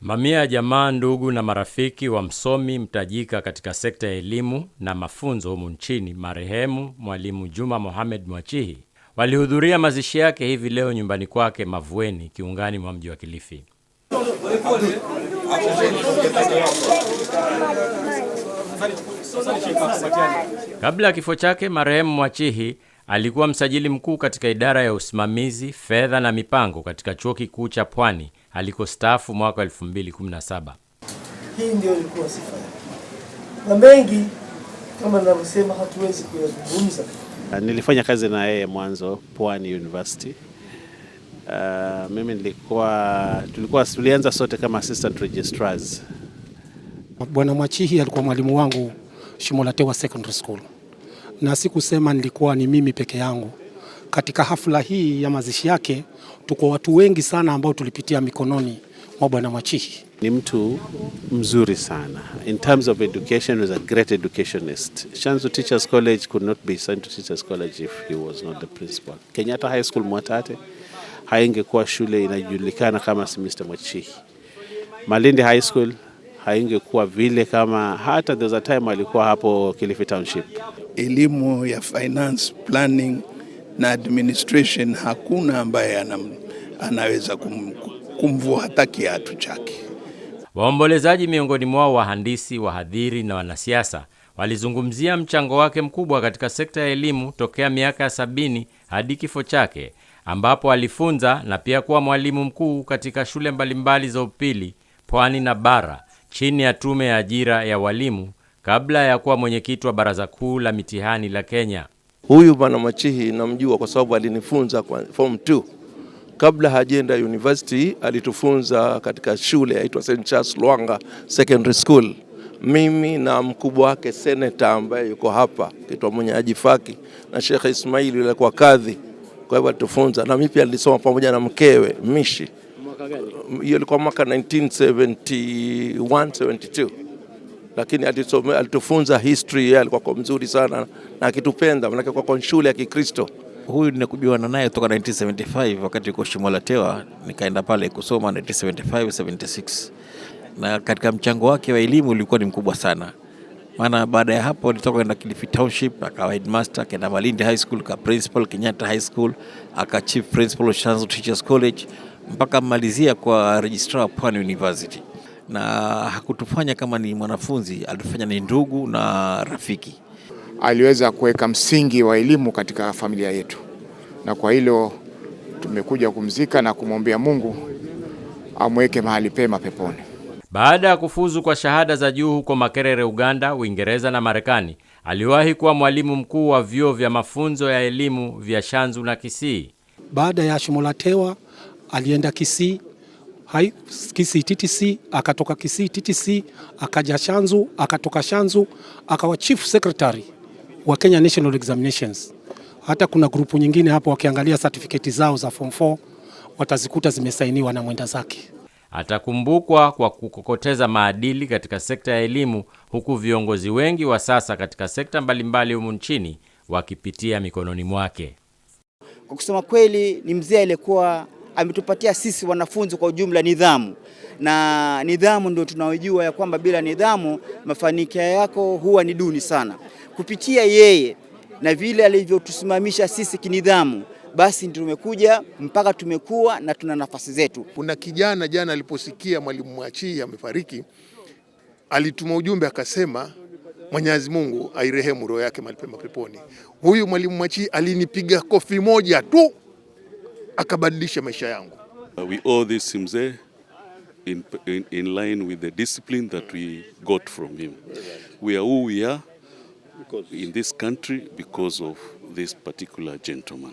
Mamia ya jamaa, ndugu na marafiki wa msomi mtajika katika sekta ya elimu na mafunzo humu nchini, marehemu Mwalimu Juma Mohamed Mwachihi walihudhuria mazishi yake hivi leo nyumbani kwake Mavueni, kiungani mwa mji wa Kilifi. Kabla ya kifo chake, marehemu Mwachihi Alikuwa msajili mkuu katika idara ya usimamizi, fedha na mipango katika Chuo Kikuu cha Pwani aliko stafu mwaka 2017. Hii ndio ilikuwa sifa yake. Na mengi kama navyosema hatuwezi kuyazungumza. Nilifanya kazi na yeye mwanzo Pwani University. Uh, mimi nilikuwa tulikuwa tulianza sote kama assistant registrars. Bwana Mwachihi alikuwa mwalimu wangu Shimolatewa Secondary School na sikusema nilikuwa ni mimi peke yangu. Katika hafla hii ya mazishi yake, tuko watu wengi sana ambao tulipitia mikononi mwa Bwana Mwachihi. Ni mtu mzuri sana. In terms of education, was a great educationist. Shanzu Teachers College could not be sent to Teachers College if he was not the principal. Kenyatta High School Mwatate haingekuwa shule inajulikana kama Mr. Mwachihi. Malindi High School haingekuwa vile kama hata there a time alikuwa hapo Kilifi Township. Elimu ya finance planning na administration hakuna ambaye anaweza kum, kumvua hata kiatu chake. Waombolezaji miongoni mwao wahandisi, wahadhiri na wanasiasa walizungumzia mchango wake mkubwa katika sekta ya elimu tokea miaka ya sabini hadi kifo chake ambapo alifunza na pia kuwa mwalimu mkuu katika shule mbalimbali za upili pwani na bara chini ya Tume ya Ajira ya Walimu kabla ya kuwa mwenyekiti wa Baraza Kuu la Mitihani la Kenya. Huyu Bwana Machihi namjua kwa sababu alinifunza kwa form 2. Kabla hajenda university alitufunza katika shule yaitwa St Charles Lwanga Secondary School. Mimi na mkubwa wake seneta ambaye yuko hapa kitwa mwenye ajifaki na Sheikh Ismail yule kwa kadhi. Kwa hivyo alitufunza na mimi pia nilisoma pamoja na mkewe Mishi mwaka gani? Um, hiyo ilikuwa mwaka 1971 72, lakini alitusome, alitufunza history, yeye alikuwa kwa mzuri sana na akitupenda, maanake kwa shule ya Kikristo huyu ninakujuana naye kutoka 1975 wakati uko Shimo la Tewa, nikaenda pale kusoma 1975 76, na katika mchango wake wa elimu ulikuwa ni mkubwa sana, maana baada ya hapo alitoka kwenda Kilifi Township, akawa headmaster, akaenda Malindi High School, ka principal Kenyatta High School, aka chief principal Shanzu Teachers College mpaka mmalizia kwa registrar Pwani University, na hakutufanya kama ni mwanafunzi, alitufanya ni ndugu na rafiki. Aliweza kuweka msingi wa elimu katika familia yetu, na kwa hilo tumekuja kumzika na kumwombea Mungu amweke mahali pema peponi. Baada ya kufuzu kwa shahada za juu huko Makerere, Uganda, Uingereza na Marekani, aliwahi kuwa mwalimu mkuu wa vyuo vya mafunzo ya elimu vya Shanzu na Kisii. Baada ya Shimolatewa alienda Kisii hai, Kisii TTC, akatoka Kisii TTC akaja Shanzu, akatoka Shanzu akawa chief secretary wa Kenya National Examinations. Hata kuna grupu nyingine hapo, wakiangalia certificate zao za form 4 watazikuta zimesainiwa na mwenda zake. Atakumbukwa kwa kukokoteza maadili katika sekta ya elimu, huku viongozi wengi wa sasa katika sekta mbalimbali humu nchini wakipitia mikononi mwake. Kwa kusema kweli, ni mzee aliyekuwa ametupatia sisi wanafunzi kwa ujumla nidhamu, na nidhamu ndio tunaojua ya kwamba bila nidhamu mafanikio yako huwa ni duni sana. Kupitia yeye na vile alivyotusimamisha sisi kinidhamu, basi ndio tumekuja mpaka tumekuwa na tuna nafasi zetu. Kuna kijana jana aliposikia mwalimu Mwachii amefariki, alituma ujumbe akasema Mwenyezi Mungu airehemu roho yake mahali pema peponi. Huyu mwalimu Mwachii alinipiga kofi moja tu akabadilisha maisha yangu. Uh, we owe this mzee in, in, in line with the discipline that we got from him. We are who we are in this country because of this particular gentleman.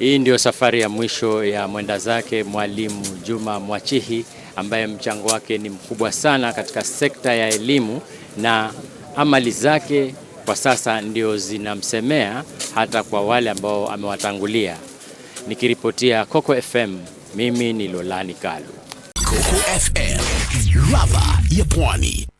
Hii ndio safari ya mwisho ya mwenda zake Mwalimu Juma Mwachihi ambaye mchango wake ni mkubwa sana katika sekta ya elimu na amali zake kwa sasa ndio zinamsemea hata kwa wale ambao amewatangulia. Nikiripotia Coco FM, mimi ni Lolani Kalu, Coco FM, ladha ya Pwani.